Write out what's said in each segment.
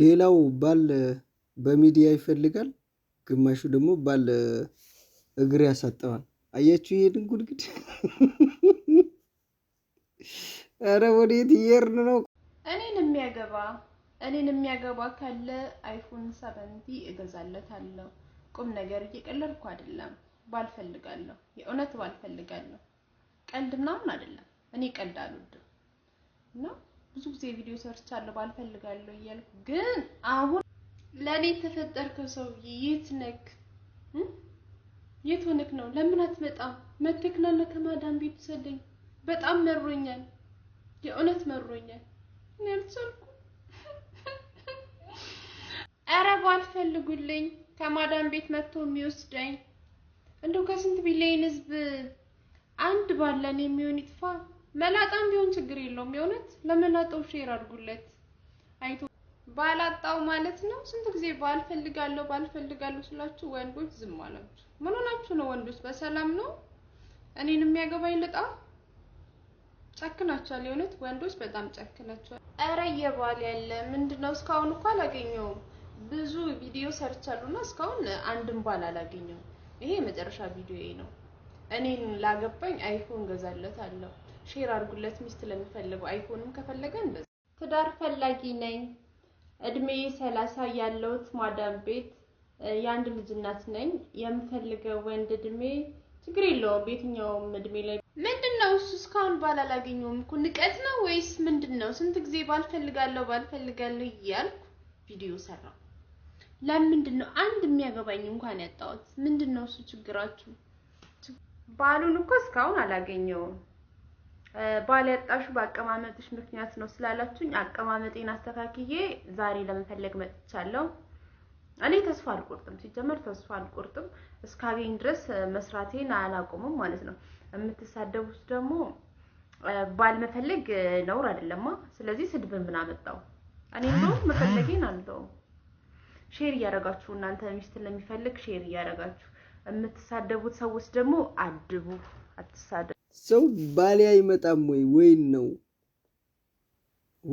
ሌላው ባል በሚዲያ ይፈልጋል ግማሹ ደግሞ ባል እግር ያሳጠዋል። አያችሁ ይሄንን ጉድግድ ኧረ ወዴት እየሄድን ነው? እኔን የሚያገባ እኔን የሚያገባ ካለ አይፎን ሰቨንቲ እገዛለታለሁ። ቁም ነገር እየቀለድኩ አይደለም። ባልፈልጋለሁ፣ የእውነት ባልፈልጋለሁ። ቀልድ ምናምን አይደለም። እኔ ቀልድ አልወድም ነው ብዙ ጊዜ ቪዲዮ ሰርቻለሁ ባልፈልጋለሁ እያልኩ ግን አሁን ለእኔ የተፈጠርከው ሰውዬ የት ነክ የት ሆነክ ነው? ለምን አትመጣም? መተክናለ ከማዳም ቤት ውሰደኝ። በጣም መሮኛል፣ የእውነት መሮኛል። እኔ አልቻልኩም። ኧረ ባልፈልጉልኝ ከማዳም ቤት መጥቶ የሚወስደኝ እንደው ከስንት ቢሊዮን ህዝብ አንድ ባለን የሚሆን ይጥፋ። መላጣም ቢሆን ችግር የለውም። የእውነት ለመላጣው ሼር አድርጉለት። አይቶ ባላጣው ማለት ነው። ስንት ጊዜ ባልፈልጋለሁ ባልፈልጋለሁ ስላችሁ ወንዶች ዝም አላችሁ። ምን ሆናችሁ ነው ወንዶች? በሰላም ነው እኔን የሚያገባኝ ልጣ። ጨክናችኋል። የእውነት ወንዶች በጣም ጨክናችኋል። ኧረ የባል ያለ ምንድነው? እስካሁን እኮ አላገኘውም። ብዙ ቪዲዮ ሰርቻሉና እስካሁን አንድም ባል አላገኘውም። ይሄ የመጨረሻ ቪዲዮዬ ነው። እኔን ላገባኝ አይፎን ገዛለታለሁ። ሼር አድርጉለት ሚስት ለሚፈልጉ አይፎንም ከፈለገ እንደዛ። ትዳር ፈላጊ ነኝ። እድሜ ሰላሳ ያለሁት ማዳም ቤት የአንድ ልጅ እናት ነኝ። የምፈልገው ወንድ እድሜ ችግር የለውም በየትኛውም እድሜ ላይ። ምንድን ነው እሱ እስካሁን ባል አላገኘሁም እኮ ንቀት ነው ወይስ ምንድን ነው? ስንት ጊዜ ባልፈልጋለሁ ባልፈልጋለሁ እያልኩ ቪዲዮ ሰራው። ለምንድን ነው አንድ የሚያገባኝ እንኳን ያጣሁት? ምንድን ነው እሱ ችግራችሁ? ባሉን እኮ እስካሁን አላገኘውም። ያጣሹ በአቀማመጥሽ ምክንያት ነው ስላላችሁኝ አቀማመጤን አስተካክዬ ዛሬ ለመፈለግ መጥቻለሁ። እኔ ተስፋ አልቆርጥም፣ ሲጀመር ተስፋ አልቆርጥም። እስካገኝ ድረስ መስራቴን አላቆምም ማለት ነው። የምትሳደቡት ደግሞ ባልመፈለግ ነውር አይደለማ። ስለዚህ ስድብን ምን አመጣው? እኔ እንደውም መፈለጌን አልተውም። ሼር እያደረጋችሁ እናንተ ሚስትን ለሚፈልግ ሼር እያደረጋችሁ የምትሳደቡት ሰዎች ደግሞ አድቡ፣ አትሳደቡ። ሰው ባሌ አይመጣም ወይ ወይን ነው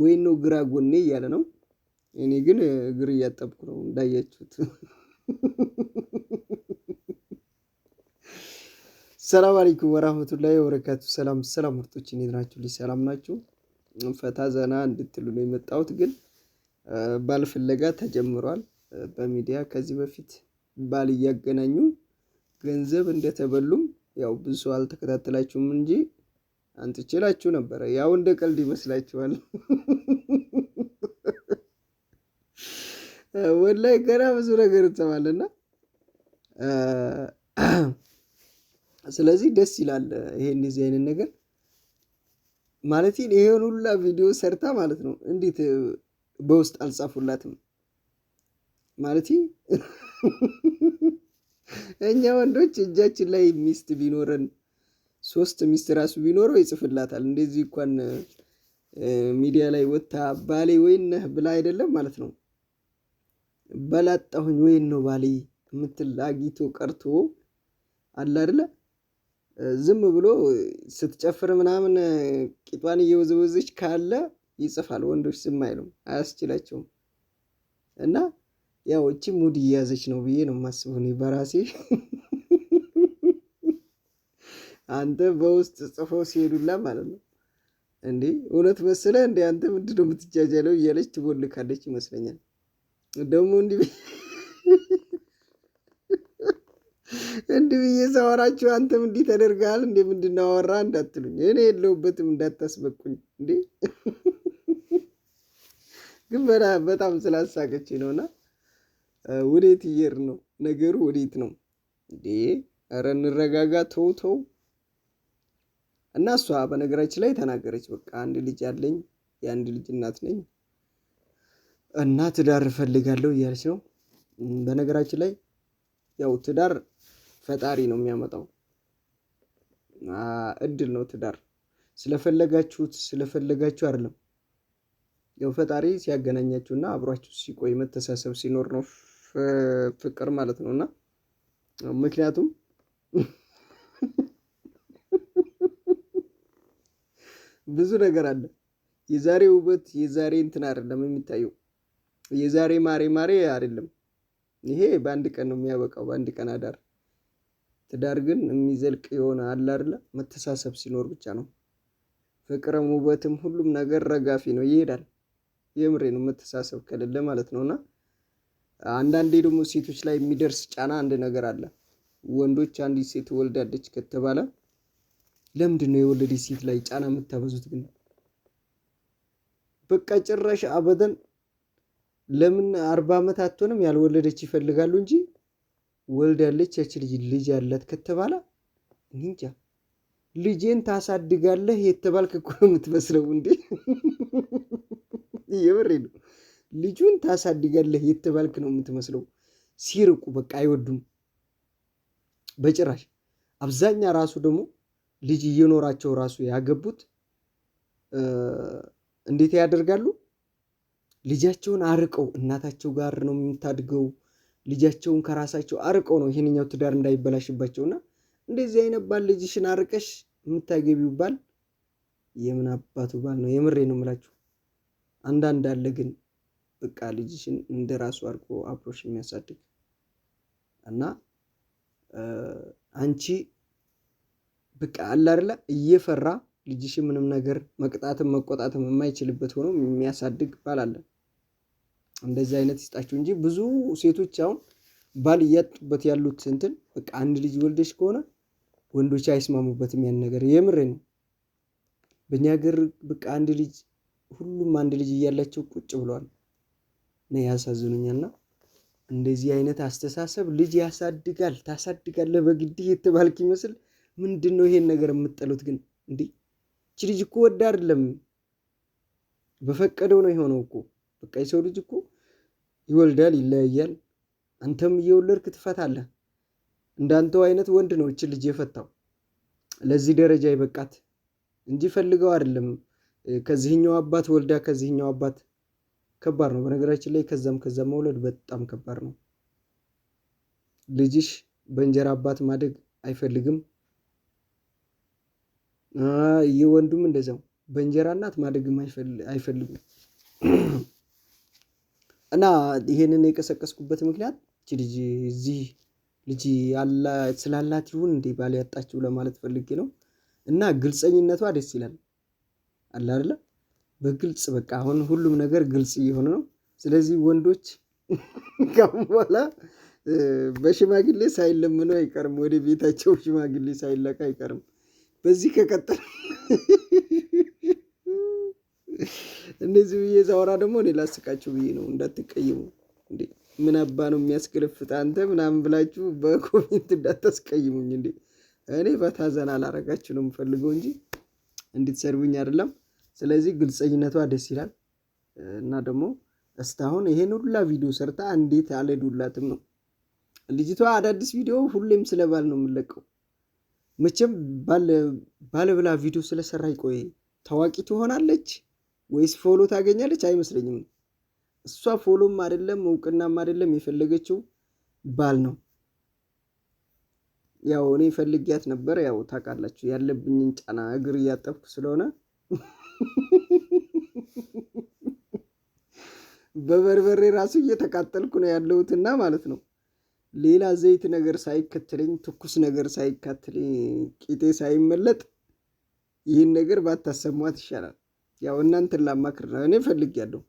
ወይን ነው ግራ ጎኔ እያለ ነው። እኔ ግን እግር እያጠብኩ ነው እንዳያችሁት። ሰላም አለይኩም ወራህመቱላሂ ወበረካቱ። ሰላም ሰላም፣ ምርጦች እንዴት ናችሁ? ሰላም ናችሁ? ፈታ ዘና እንድትሉ ነው የመጣሁት። ግን ባል ፍለጋ ተጀምሯል በሚዲያ ከዚህ በፊት ባል እያገናኙ ገንዘብ እንደተበሉም ያው ብዙ አልተከታተላችሁም እንጂ አንትችላችሁ ነበረ። ያው እንደ ቀልድ ይመስላችኋል። ወላይ ገና ብዙ ነገር እንሰማለና ስለዚህ ደስ ይላል። ይሄ እንደዚህ አይነት ነገር ማለት ይሄን ሁላ ቪዲዮ ሰርታ ማለት ነው። እንዴት በውስጥ አልጻፉላትም ማለት እኛ ወንዶች እጃችን ላይ ሚስት ቢኖረን ሶስት ሚስት ራሱ ቢኖረው ይጽፍላታል። እንደዚህ እንኳን ሚዲያ ላይ ወጥታ ባሌ ወይን ነህ ብላ አይደለም ማለት ነው። በላጣሁኝ ወይን ነው ባሌ የምትል አጊቶ ቀርቶ አለ አይደለ? ዝም ብሎ ስትጨፍር ምናምን ቂጧን እየወዘወዘች ካለ ይጽፋል። ወንዶች ዝም አይሉም፣ አያስችላቸውም እና ያው እቺ ሙድ እየያዘች ነው ብዬ ነው የማስበው እኔ በራሴ። አንተ በውስጥ ጽፈው ሲሄዱላ ማለት ነው እንዴ! እውነት መሰለህ እንዴ? አንተ ምንድን ነው የምትጃጃለው እያለች ትቦልካለች ይመስለኛል። ደግሞ እንዲህ እንዲህ ብዬ ሳወራችሁ አንተም እንዲህ ተደርገሃል እንዴ? ምንድን ነው አወራ እንዳትሉኝ፣ እኔ የለሁበትም እንዳታስበቁኝ እንዴ። ግን በጣም ስላሳቀች ነውና ወዴት እየር ነው? ነገሩ ወዴት ነው እንዴ? ኧረ እንረጋጋ። ተው ተው። እና እሷ በነገራችን ላይ ተናገረች። በቃ አንድ ልጅ አለኝ፣ የአንድ ልጅ እናት ነኝ እና ትዳር እፈልጋለሁ እያለች ነው። በነገራችን ላይ ያው ትዳር ፈጣሪ ነው የሚያመጣው፣ እድል ነው ትዳር። ስለፈለጋችሁት ስለፈለጋችሁ አይደለም፣ ያው ፈጣሪ ሲያገናኛችሁና አብሯችሁ ሲቆይ መተሳሰብ ሲኖር ነው። ፍቅር ማለት ነው እና ምክንያቱም ብዙ ነገር አለ። የዛሬ ውበት የዛሬ እንትን አይደለም የሚታየው፣ የዛሬ ማሬ ማሬ አይደለም። ይሄ በአንድ ቀን ነው የሚያበቃው፣ በአንድ ቀን አዳር። ትዳር ግን የሚዘልቅ የሆነ አለ አይደለ? መተሳሰብ ሲኖር ብቻ ነው። ፍቅርም ውበትም ሁሉም ነገር ረጋፊ ነው፣ ይሄዳል። የምሬ ነው። መተሳሰብ ከሌለ ማለት ነው እና አንዳንዴ ደግሞ ሴቶች ላይ የሚደርስ ጫና አንድ ነገር አለ። ወንዶች አንዲት ሴት ወልዳለች ከተባለ ለምንድን ነው የወለደች ሴት ላይ ጫና የምታበዙት? ግን በቃ ጭራሽ አበደን ለምን አርባ ዓመት አትሆንም ያልወለደች ይፈልጋሉ እንጂ ወልዳለች ያች ልጅ ልጅ አላት ከተባለ እንጃ ልጄን ታሳድጋለህ የተባልክ እኮ የምትመስለው እንዴ? የምሬ ነው። ልጁን ታሳድጋለህ የተባልክ ነው የምትመስለው። ሲርቁ በቃ አይወዱም በጭራሽ። አብዛኛ ራሱ ደግሞ ልጅ እየኖራቸው ራሱ ያገቡት እንዴት ያደርጋሉ? ልጃቸውን አርቀው እናታቸው ጋር ነው የምታድገው። ልጃቸውን ከራሳቸው አርቀው ነው ይህንኛው ትዳር እንዳይበላሽባቸውና እንደዚህ አይነት ባል ልጅሽን አርቀሽ የምታገቢው ባል የምን አባቱ ባል ነው? የምሬ ነው የምላችሁ። አንዳንድ አለ ግን በቃ ልጅሽን እንደ ራሱ አድርጎ አብሮሽ የሚያሳድግ እና አንቺ በቃ አለ አይደለ እየፈራ ልጅሽ ምንም ነገር መቅጣትም መቆጣትም የማይችልበት ሆኖ የሚያሳድግ ባል አለ። እንደዚህ አይነት ይስጣችሁ እንጂ ብዙ ሴቶች አሁን ባል እያጡበት ያሉት እንትን በቃ አንድ ልጅ ወልደሽ ከሆነ ወንዶች አይስማሙበትም ያን ነገር። የምሬ ነው። በእኛ ሀገር በቃ አንድ ልጅ ሁሉም አንድ ልጅ እያላቸው ቁጭ ብለዋል። ያሳዝኑኛል። እና እንደዚህ አይነት አስተሳሰብ ልጅ ያሳድጋል ታሳድጋለ በግድህ የተባልክ ይመስል ምንድን ነው ይሄን ነገር የምትጠሉት ግን? እንዴ እቺ ልጅ እኮ ወደ አይደለም በፈቀደው ነው የሆነው እኮ። በቃ የሰው ልጅ እኮ ይወልዳል፣ ይለያያል። አንተም እየወለድክ ትፈታለህ። እንዳንተው አይነት ወንድ ነው እች ልጅ የፈታው። ለዚህ ደረጃ ይበቃት እንጂ ፈልገው አይደለም ከዚህኛው አባት ወልዳ ከዚህኛው አባት ከባድ ነው። በነገራችን ላይ ከዛም ከዛም መውለድ በጣም ከባድ ነው። ልጅሽ በእንጀራ አባት ማደግ አይፈልግም። ይህ ወንዱም እንደዛው በእንጀራ እናት ማደግም አይፈልግም። እና ይሄንን የቀሰቀስኩበት ምክንያት እቺ ልጅ እዚህ ልጅ ስላላት ይሁን እንዴ ባል ያጣችው ለማለት ፈልጌ ነው። እና ግልፀኝነቷ ደስ ይላል አለ አይደለ በግልጽ በቃ አሁን ሁሉም ነገር ግልጽ እየሆነ ነው። ስለዚህ ወንዶች ካሁን በኋላ በሽማግሌ ሳይለምኑ አይቀርም፣ ወደ ቤታቸው ሽማግሌ ሳይለቅ አይቀርም። በዚህ ከቀጠለ እነዚህ ብዬ ዛወራ ደግሞ እኔ ላስቃችሁ ብዬ ነው እንዳትቀይሙ። ምን አባ ነው የሚያስገለፍጥ አንተ ምናምን ብላችሁ በኮሜንት እንዳታስቀይሙኝ። እንዴ እኔ በታዘን አላረጋችሁ ነው የምፈልገው እንጂ እንድትሰርቡኝ አይደለም። ስለዚህ ግልጸኝነቷ ደስ ይላል እና ደግሞ እስታሁን ይሄን ሁላ ቪዲዮ ሰርታ እንዴት አልሄዱላትም ነው። ልጅቷ አዳዲስ ቪዲዮ ሁሌም ስለ ባል ነው የምለቀው። መቼም ባለብላ ቪዲዮ ስለሰራ ይቆይ ታዋቂ ትሆናለች ወይስ ፎሎ ታገኛለች? አይመስለኝም። እሷ ፎሎም አይደለም እውቅናም አይደለም የፈለገችው ባል ነው። ያው እኔ ፈልጊያት ነበር። ያው ታውቃላችሁ ያለብኝን ጫና እግር እያጠብኩ ስለሆነ በበርበሬ ራሱ እየተቃጠልኩ ነው ያለሁትና ማለት ነው። ሌላ ዘይት ነገር ሳይከተለኝ ትኩስ ነገር ሳይካትለኝ ቂጤ ሳይመለጥ ይህን ነገር ባታሰሟት ይሻላል። ያው እናንተን ላማክር ነው እኔ ያለው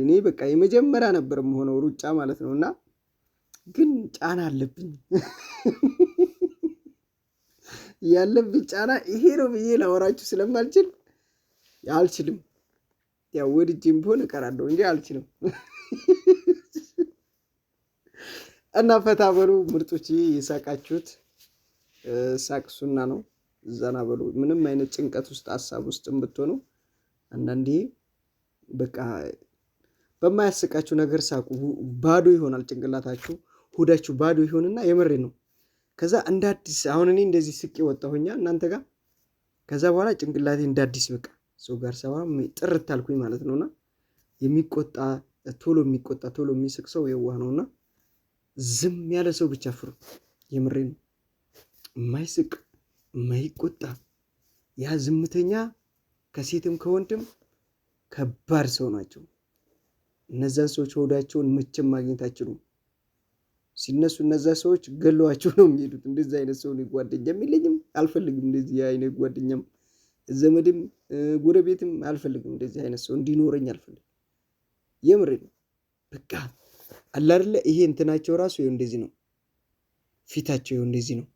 እኔ በቃ የመጀመሪያ ነበር የምሆነው ሩጫ ማለት ነው እና ግን ጫና አለብኝ። ያለብኝ ጫና ይሄ ነው ብዬ ላወራችሁ ስለማልችል አልችልም። ያው ወድጄም ቢሆን እቀራለሁ እንጂ አልችልም። እና ፈታ በሉ ምርጦች፣ የሳቃችሁት ሳቅሱና ነው። ዘና በሉ። ምንም አይነት ጭንቀት ውስጥ ሀሳብ ውስጥ ብትሆኑ አንዳንዴ በቃ በማያስቃችሁ ነገር ሳቁ። ባዶ ይሆናል ጭንቅላታችሁ፣ ሆዳችሁ ባዶ ይሆንና የምሬ ነው ከዛ እንደ አዲስ አሁን እኔ እንደዚህ ስቄ ወጣሁኛ እናንተ ጋር። ከዛ በኋላ ጭንቅላቴ እንደ አዲስ በቃ ሰው ጋር ሰባ ጥርት አልኩኝ ማለት ነውና የሚቆጣ ቶሎ የሚቆጣ ቶሎ የሚስቅ ሰው የዋህ ነውና ዝም ያለ ሰው ብቻ ፍሩ። የምሬ ነው። የማይስቅ የማይቆጣ ያ ዝምተኛ ከሴትም ከወንድም ከባድ ሰው ናቸው። እነዛን ሰዎች ሆዳቸውን መቼም ማግኘት አይችሉም። ሲነሱ እነዛ ሰዎች ገለዋቸው ነው የሚሄዱት። እንደዚህ አይነት ሰው ነው ጓደኛም የለኝም፣ አልፈልግም። እንደዚህ አይነት ጓደኛም ዘመድም ጎረቤትም አልፈልግም። እንደዚህ አይነት ሰው እንዲኖረኝ አልፈልግም። የምር ነው። በቃ አላርለ ይሄ እንትናቸው ራሱ ይኸው እንደዚህ ነው ፊታቸው፣ ይኸው እንደዚህ ነው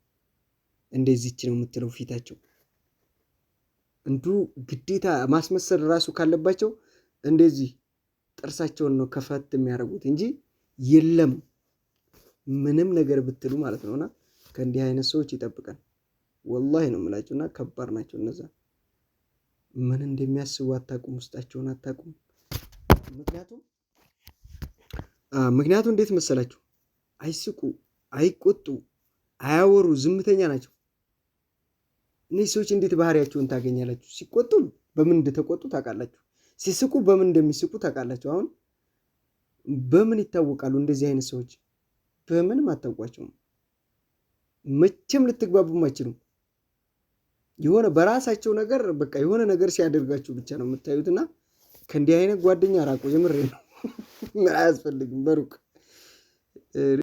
እንደዚች ነው የምትለው ፊታቸው። እንዱ ግዴታ ማስመሰል ራሱ ካለባቸው እንደዚህ ጥርሳቸውን ነው ከፈት የሚያደርጉት እንጂ የለም ምንም ነገር ብትሉ ማለት ነው እና ከእንዲህ አይነት ሰዎች ይጠብቀን። ወላሂ ነው የምላቸው እና ከባድ ናቸው እነዛ። ምን እንደሚያስቡ አታቁም፣ ውስጣቸውን አታቁም። ምክንያቱም ምክንያቱም እንዴት መሰላችሁ አይስቁ፣ አይቆጡ፣ አያወሩ፣ ዝምተኛ ናቸው። እነዚህ ሰዎች እንዴት ባህሪያቸውን ታገኛላችሁ? ሲቆጡ በምን እንደተቆጡ ታውቃላችሁ። ሲስቁ በምን እንደሚስቁ ታውቃላችሁ። አሁን በምን ይታወቃሉ እንደዚህ አይነት ሰዎች? በምንም አታውቋቸውም። መቼም ልትግባቡም አይችሉም። የሆነ በራሳቸው ነገር በቃ የሆነ ነገር ሲያደርጋችሁ ብቻ ነው የምታዩትና ከእንዲህ አይነት ጓደኛ ራቁ። የምሬ ነው። አያስፈልግም በሩቅ